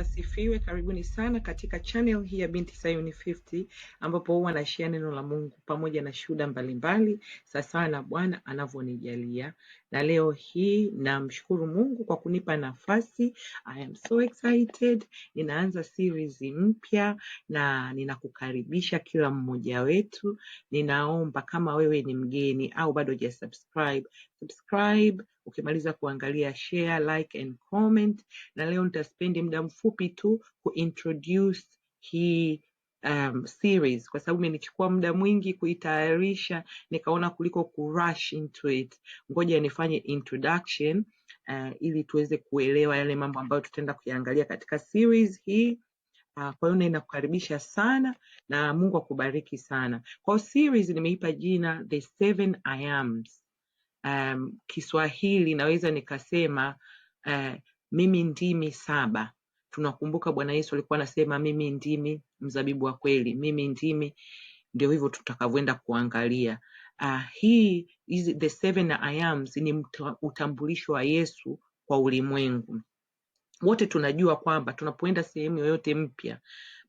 asifiwe. Karibuni sana katika channel hii ya Binti Sayuni 50 ambapo huwa anashia neno la Mungu pamoja na shuhuda mbalimbali sawasawa na Bwana anavyonijalia. Na leo hii namshukuru Mungu kwa kunipa nafasi. I am so excited. Ninaanza series mpya na ninakukaribisha kila mmoja wetu. Ninaomba kama wewe ni mgeni au bado hujasubscribe, subscribe ukimaliza kuangalia share, like and comment, na leo nitaspendi muda mfupi tu kuintroduce hii um, series kwa sababu imenichukua muda mwingi kuitayarisha, nikaona kuliko kurush into it, ngoja nifanye introduction uh, ili tuweze kuelewa yale mambo ambayo tutaenda kuyaangalia katika series hii. Uh, kwa hiyo ninakukaribisha sana na Mungu akubariki sana. Kwa series nimeipa jina The Seven I Ams um, Kiswahili naweza nikasema uh, mimi ndimi saba. Tunakumbuka Bwana Yesu alikuwa anasema mimi ndimi mzabibu wa kweli, mimi ndimi. Ndio hivyo tutakavyoenda kuangalia uh, hii hizi the seven I ams ni utambulisho wa Yesu kwa ulimwengu. Wote tunajua kwamba tunapoenda sehemu yoyote mpya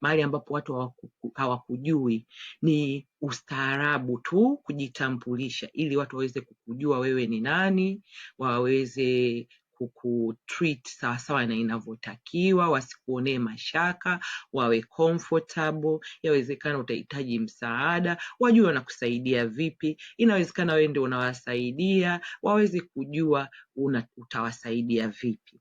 mahali ambapo watu hawakujui. Ni ustaarabu tu kujitambulisha, ili watu waweze kukujua wewe ni nani, waweze kukutreat sawasawa na inavyotakiwa, wasikuonee mashaka, wawe comfortable. Yawezekana utahitaji msaada, wajue wanakusaidia vipi. Inawezekana wewe ndio unawasaidia, waweze kujua una, utawasaidia vipi.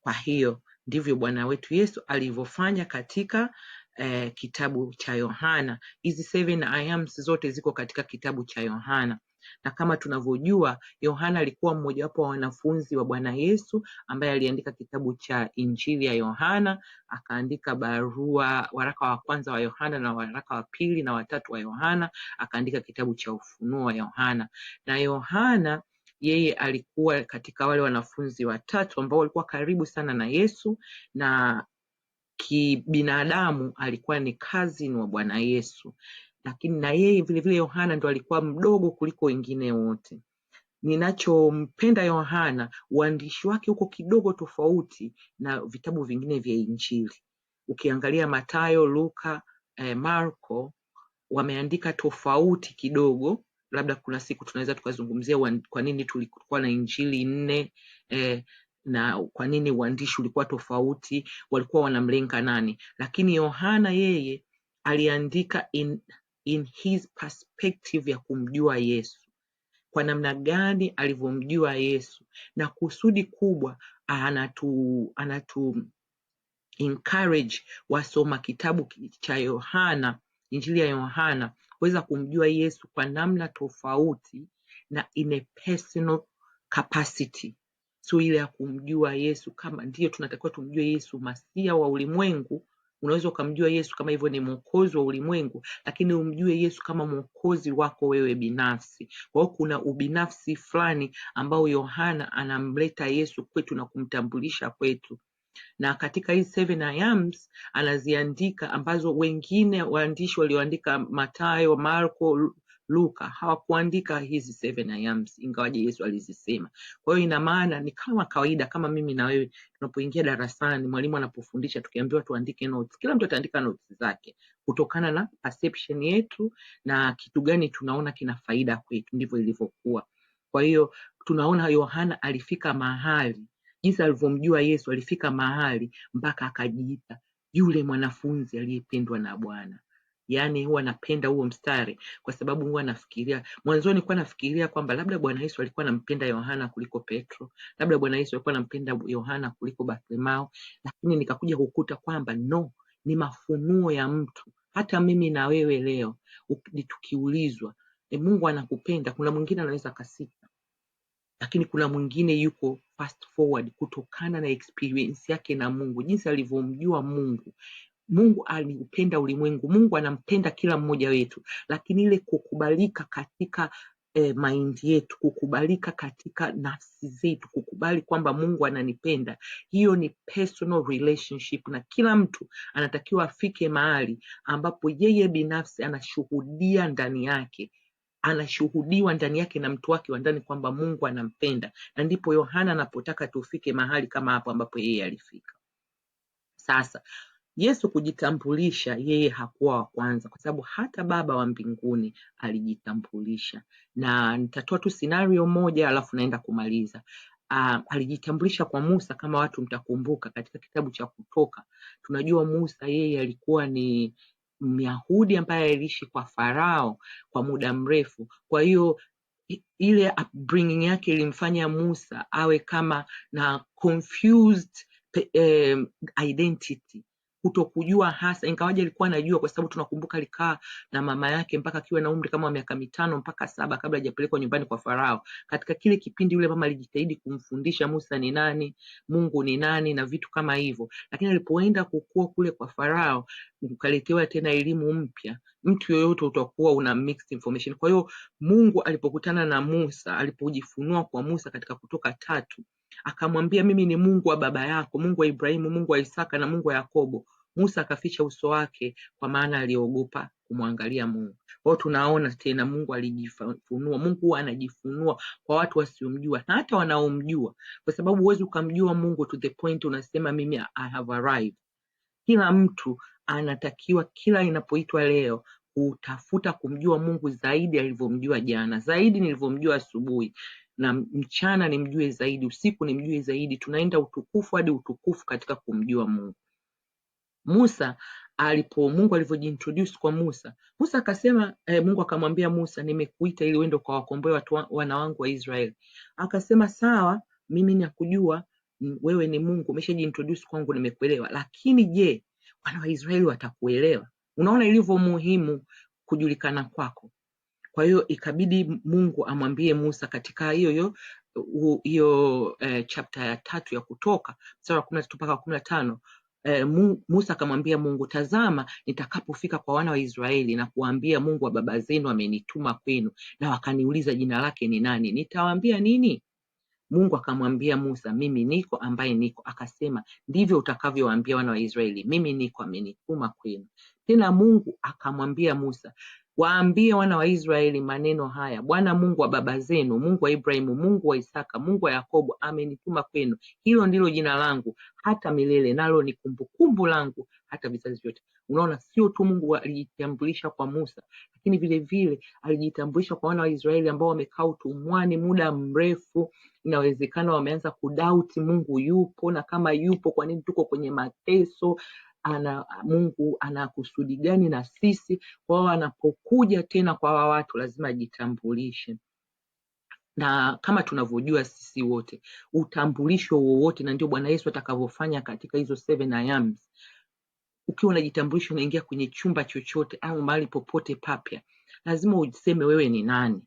Kwa hiyo Ndivyo Bwana wetu Yesu alivyofanya katika eh, kitabu cha Yohana. Hizi seven I ams zote ziko katika kitabu cha Yohana na kama tunavyojua Yohana alikuwa mmojawapo wa wanafunzi wa Bwana Yesu ambaye aliandika kitabu cha Injili ya Yohana, akaandika barua, waraka wa kwanza wa Yohana na waraka wa pili na watatu wa Yohana, akaandika kitabu cha Ufunuo wa Yohana na Yohana yeye alikuwa katika wale wanafunzi watatu ambao walikuwa karibu sana na Yesu na kibinadamu alikuwa ni cousin wa Bwana Yesu, lakini na yeye vilevile Yohana ndo alikuwa mdogo kuliko wengine wote. Ninachompenda Yohana, uandishi wake uko kidogo tofauti na vitabu vingine vya Injili. Ukiangalia Mathayo, Luka, eh, Marko wameandika tofauti kidogo labda kuna siku tunaweza tukazungumzia kwa nini tulikuwa na injili nne eh, na kwa nini uandishi ulikuwa tofauti, walikuwa wanamlenga nani. Lakini Yohana yeye aliandika in, in his perspective ya kumjua Yesu, kwa namna gani alivyomjua Yesu, na kusudi kubwa anatu anatu encourage wasoma kitabu cha Yohana Injili ya Yohana kuweza kumjua Yesu kwa namna tofauti na in a personal capacity, sio ile ya kumjua Yesu kama ndiyo tunatakiwa tumjue Yesu masia wa ulimwengu. Unaweza ukamjua Yesu kama hivyo ni mwokozi wa ulimwengu, lakini umjue Yesu kama mwokozi wako wewe binafsi. Kwa hiyo kuna ubinafsi fulani ambao Yohana anamleta Yesu kwetu na kumtambulisha kwetu na katika hizi seven ayams anaziandika ambazo wengine waandishi walioandika Matayo, Marko, Luka hawakuandika hizi seven ayams, ingawaje Yesu alizisema. Kwa hiyo ina maana ni kama kawaida, kama mimi na wewe tunapoingia darasani, mwalimu anapofundisha, tukiambiwa tuandike notes, kila mtu ataandika notes zake kutokana na perception yetu na kitu gani tunaona kina faida kwetu. Ndivyo ilivyokuwa. Kwa hiyo tunaona Yohana alifika mahali jinsi alivyomjua Yesu alifika mahali mpaka akajiita yule mwanafunzi aliyependwa na Bwana. Yaani huwa napenda huo mstari kwa sababu huwa anafikiria mwanzoni, kuwa nafikiria kwamba labda Bwana Yesu alikuwa anampenda Yohana kuliko Petro, labda Bwana Yesu alikuwa anampenda Yohana kuliko Bartholomayo, lakini nikakuja kukuta kwamba no, ni mafunuo ya mtu. Hata mimi na wewe leo tukiulizwa, e, Mungu anakupenda, kuna mwingine anaweza akasita lakini kuna mwingine yuko fast forward kutokana na experience yake na Mungu, jinsi alivyomjua Mungu. Mungu aliupenda ulimwengu, Mungu anampenda kila mmoja wetu, lakini ile kukubalika katika eh, maindi yetu, kukubalika katika nafsi zetu, kukubali kwamba Mungu ananipenda, hiyo ni personal relationship, na kila mtu anatakiwa afike mahali ambapo yeye binafsi anashuhudia ndani yake anashuhudiwa ndani yake na mtu wake wa ndani kwamba Mungu anampenda, na ndipo Yohana anapotaka tufike mahali kama hapo ambapo yeye alifika. Sasa Yesu kujitambulisha, yeye hakuwa wa kwanza, kwa sababu hata Baba wa mbinguni alijitambulisha, na nitatoa tu scenario moja alafu naenda kumaliza. Uh, alijitambulisha kwa Musa kama watu mtakumbuka, katika kitabu cha Kutoka tunajua Musa yeye alikuwa ni Myahudi ambaye aliishi kwa Farao kwa muda mrefu. Kwa hiyo ile upbringing yake ilimfanya Musa awe kama na confused um, identity kutokujua hasa, ingawaje alikuwa anajua, kwa sababu tunakumbuka alikaa na mama yake mpaka akiwa na umri kama wa miaka mitano mpaka saba kabla hajapelekwa nyumbani kwa Farao. Katika kile kipindi, yule mama alijitahidi kumfundisha Musa ni nani, Mungu ni nani na vitu kama hivyo, lakini alipoenda kukua kule kwa Farao ukaletewa tena elimu mpya, mtu yoyote utakuwa una mixed information. Kwa hiyo Mungu alipokutana na Musa, alipojifunua kwa Musa katika Kutoka tatu, akamwambia mimi ni Mungu wa baba yako, Mungu wa Ibrahimu, Mungu wa Isaka na Mungu wa Yakobo. Musa akaficha uso wake kwa maana aliogopa kumwangalia Mungu. Kwa hiyo tunaona tena Mungu alijifunua. Mungu huwa anajifunua kwa watu wasiomjua na hata wanaomjua, kwa sababu huwezi ukamjua Mungu to the point unasema mimi I have arrived. Kila mtu anatakiwa kila inapoitwa leo kutafuta kumjua Mungu zaidi alivyomjua jana, zaidi nilivyomjua asubuhi, na mchana nimjue zaidi, usiku nimjue zaidi. Tunaenda utukufu hadi utukufu katika kumjua Mungu. Musa alipo Mungu alivyojintroduce kwa Musa, Musa akasema eh, Mungu akamwambia Musa, nimekuita ili uende wakomboe watu wanawangu wana wangu wa Israeli. Akasema sawa, mimi nakujua, wewe ni Mungu, umeshajiintroduce kwangu, nimekuelewa. Lakini je, wana Waisraeli watakuelewa? Unaona ilivyo muhimu kujulikana kwako. Kwa hiyo ikabidi Mungu amwambie Musa katika hiyo hiyo hiyo eh, chapta ya tatu ya Kutoka mstari wa kumi na tatu mpaka kumi na tano eh, Musa akamwambia Mungu, tazama, nitakapofika kwa wana wa Israeli na kuwaambia, Mungu wa baba zenu amenituma kwenu, na wakaniuliza jina lake ni nani, nitawaambia nini? Mungu akamwambia Musa mimi niko ambaye niko akasema ndivyo utakavyowaambia wana wa Israeli mimi niko amenituma kwenu tena Mungu akamwambia Musa waambie wana wa Israeli maneno haya Bwana Mungu wa baba zenu Mungu wa Ibrahimu Mungu wa Isaka Mungu wa Yakobo amenituma kwenu hilo ndilo jina langu hata milele nalo ni kumbukumbu langu hata vizazi vyote unaona sio tu Mungu alijitambulisha kwa Musa lakini vilevile alijitambulisha kwa wana wa Israeli ambao wamekaa utumwani muda mrefu inawezekana wameanza kudauti Mungu yupo, na kama yupo, kwa nini tuko kwenye mateso? Ana Mungu ana kusudi gani na sisi? Kwao anapokuja tena kwa hawa watu lazima ajitambulishe na kama tunavyojua sisi wote utambulisho wowote, na ndio Bwana Yesu atakavyofanya katika hizo seven ayams Ukiwa unajitambulisha unaingia kwenye chumba chochote au mahali popote papya, lazima useme wewe ni nani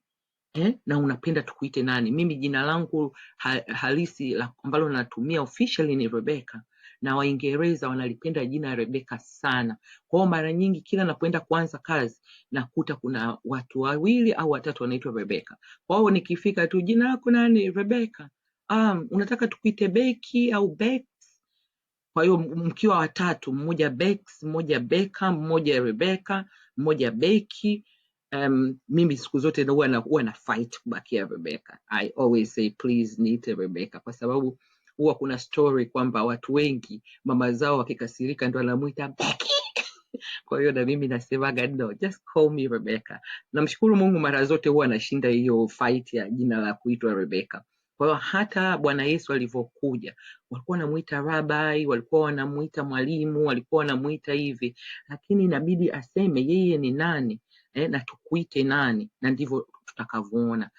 eh, na unapenda tukuite nani? Mimi jina langu ha, halisi la, ambalo natumia officially ni Rebecca na Waingereza wanalipenda jina Rebeka sana. Kwa hiyo mara nyingi kila napoenda kuanza kazi nakuta kuna watu wawili au watatu wanaitwa Rebeka. Kwa hiyo nikifika tu, jina lako nani? Rebeka. Um, ah, unataka tukuite Beki au Bex? Kwa hiyo mkiwa watatu, mmoja Bex, mmoja Beka, mmoja Rebeka, mmoja Beki um, mimi siku zote huwa na, huwa na fight kubakia Rebecca. I always say please niite Rebecca kwa sababu huwa kuna story kwamba watu wengi mama zao wakikasirika ndo anamwita Becky. Kwa hiyo na mimi nasemaga no, just call me Rebecca. Namshukuru Mungu mara zote huwa anashinda hiyo fight ya jina la kuitwa Rebecca. Kwa hiyo hata Bwana Yesu alivyokuja, walikuwa wanamuita rabai, walikuwa wanamuita mwalimu, walikuwa wanamuita hivi, lakini inabidi aseme yeye ni nani eh, na tukuite nani, na ndivyo tutakavyoona.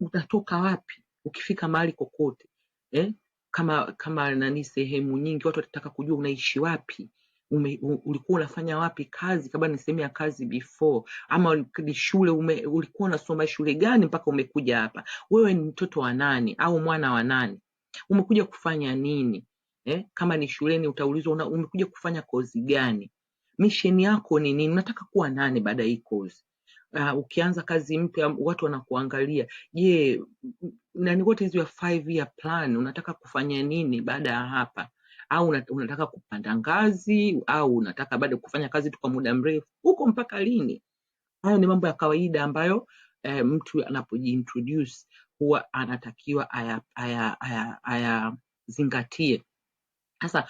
Unatoka wapi? Ukifika mahali kokote eh, kama kama nani, sehemu nyingi watu watataka kujua unaishi wapi ume, u, ulikuwa unafanya wapi kazi kabla sehemu ya kazi before ama ni shule ume, ulikuwa unasoma shule gani mpaka umekuja hapa wewe ni mtoto wa nani au mwana wa nani umekuja kufanya nini eh? kama ni shuleni utaulizwa umekuja kufanya kozi gani misheni yako ni nini unataka kuwa nani baada ya hii kozi uh, ukianza kazi mpya watu wanakuangalia je nani what is ya five year plan unataka kufanya nini baada ya hapa au unataka kupanda ngazi au unataka bado kufanya kazi tu kwa muda mrefu huko mpaka lini hayo ni mambo ya kawaida ambayo eh, mtu anapojiintroduce huwa anatakiwa ayazingatie sasa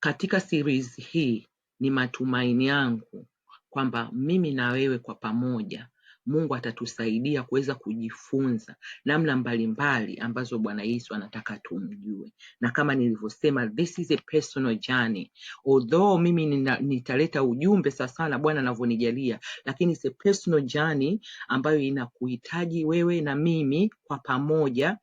katika series hii ni matumaini yangu kwamba mimi na wewe kwa pamoja Mungu atatusaidia kuweza kujifunza namna mbalimbali ambazo Bwana Yesu anataka tumjue, na kama nilivyosema, this is a personal journey. Although mimi nina, nitaleta ujumbe sawasawa na Bwana anavyonijalia, lakini it's a personal journey ambayo inakuhitaji wewe na mimi kwa pamoja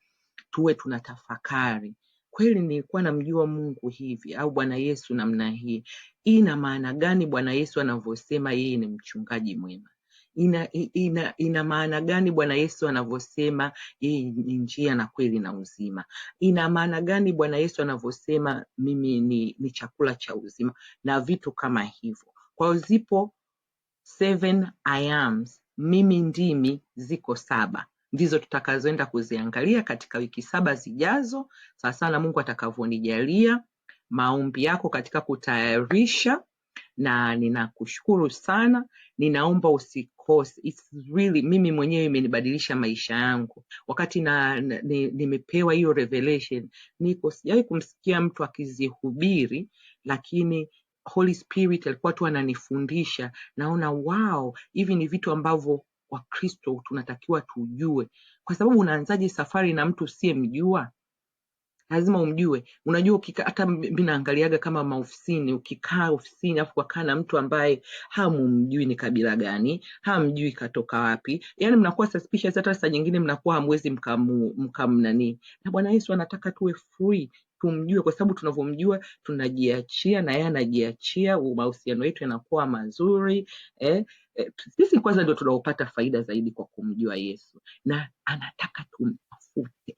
tuwe tunatafakari kweli nilikuwa namjua Mungu hivi au Bwana Yesu namna hii. Hii ina maana gani Bwana Yesu anavyosema yeye ni mchungaji mwema? Ina, ina, ina maana gani Bwana Yesu anavyosema yeye ni njia na kweli na uzima? Ina maana gani Bwana Yesu anavyosema mimi ni, ni chakula cha uzima na vitu kama hivyo. Kwa hiyo zipo seven I am, mimi ndimi ziko saba ndizo tutakazoenda kuziangalia katika wiki saba zijazo, sawa sana Mungu atakavyonijalia maombi yako katika kutayarisha, na ninakushukuru sana. Ninaomba usikose. It's really, mimi mwenyewe imenibadilisha maisha yangu wakati na, na, ni, nimepewa hiyo revelation. Niko sijawahi kumsikia mtu akizihubiri, lakini Holy Spirit alikuwa tu ananifundisha, naona wow, hivi ni vitu ambavyo Wakristo tunatakiwa tujue, kwa sababu unaanzaje safari na mtu usiyemjua? lazima umjue. Unajua, ukikaa hata mimi naangaliaga kama maofisini, ukikaa ofisini afu kwakaa na mtu ambaye hamumjui ni kabila gani, hamjui katoka wapi, yani mnakuwa suspicious. Hata saa nyingine mnakuwa hamwezi mkamu mkamnani, na Bwana Yesu anataka tuwe free tumjue kwa sababu tunavyomjua tunajiachia na yeye anajiachia, mahusiano yetu yanakuwa mazuri eh, eh, sisi kwanza ndio tunaopata faida zaidi kwa kumjua Yesu, na anataka tumtafute.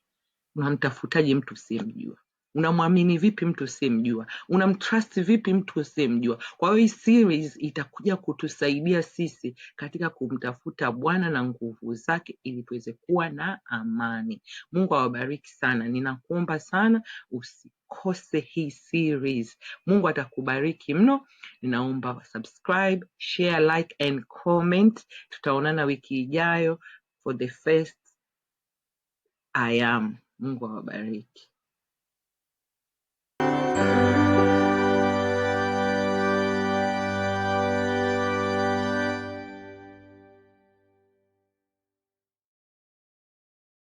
Unamtafutaje mtu usiyemjua? unamwamini vipi mtu usiyemjua unamtrust vipi mtu usiyemjua kwa hiyo hii series itakuja kutusaidia sisi katika kumtafuta bwana na nguvu zake ili tuweze kuwa na amani mungu awabariki sana ninakuomba sana usikose hii series mungu atakubariki mno ninaomba subscribe share like and comment tutaonana wiki ijayo for the first i am mungu awabariki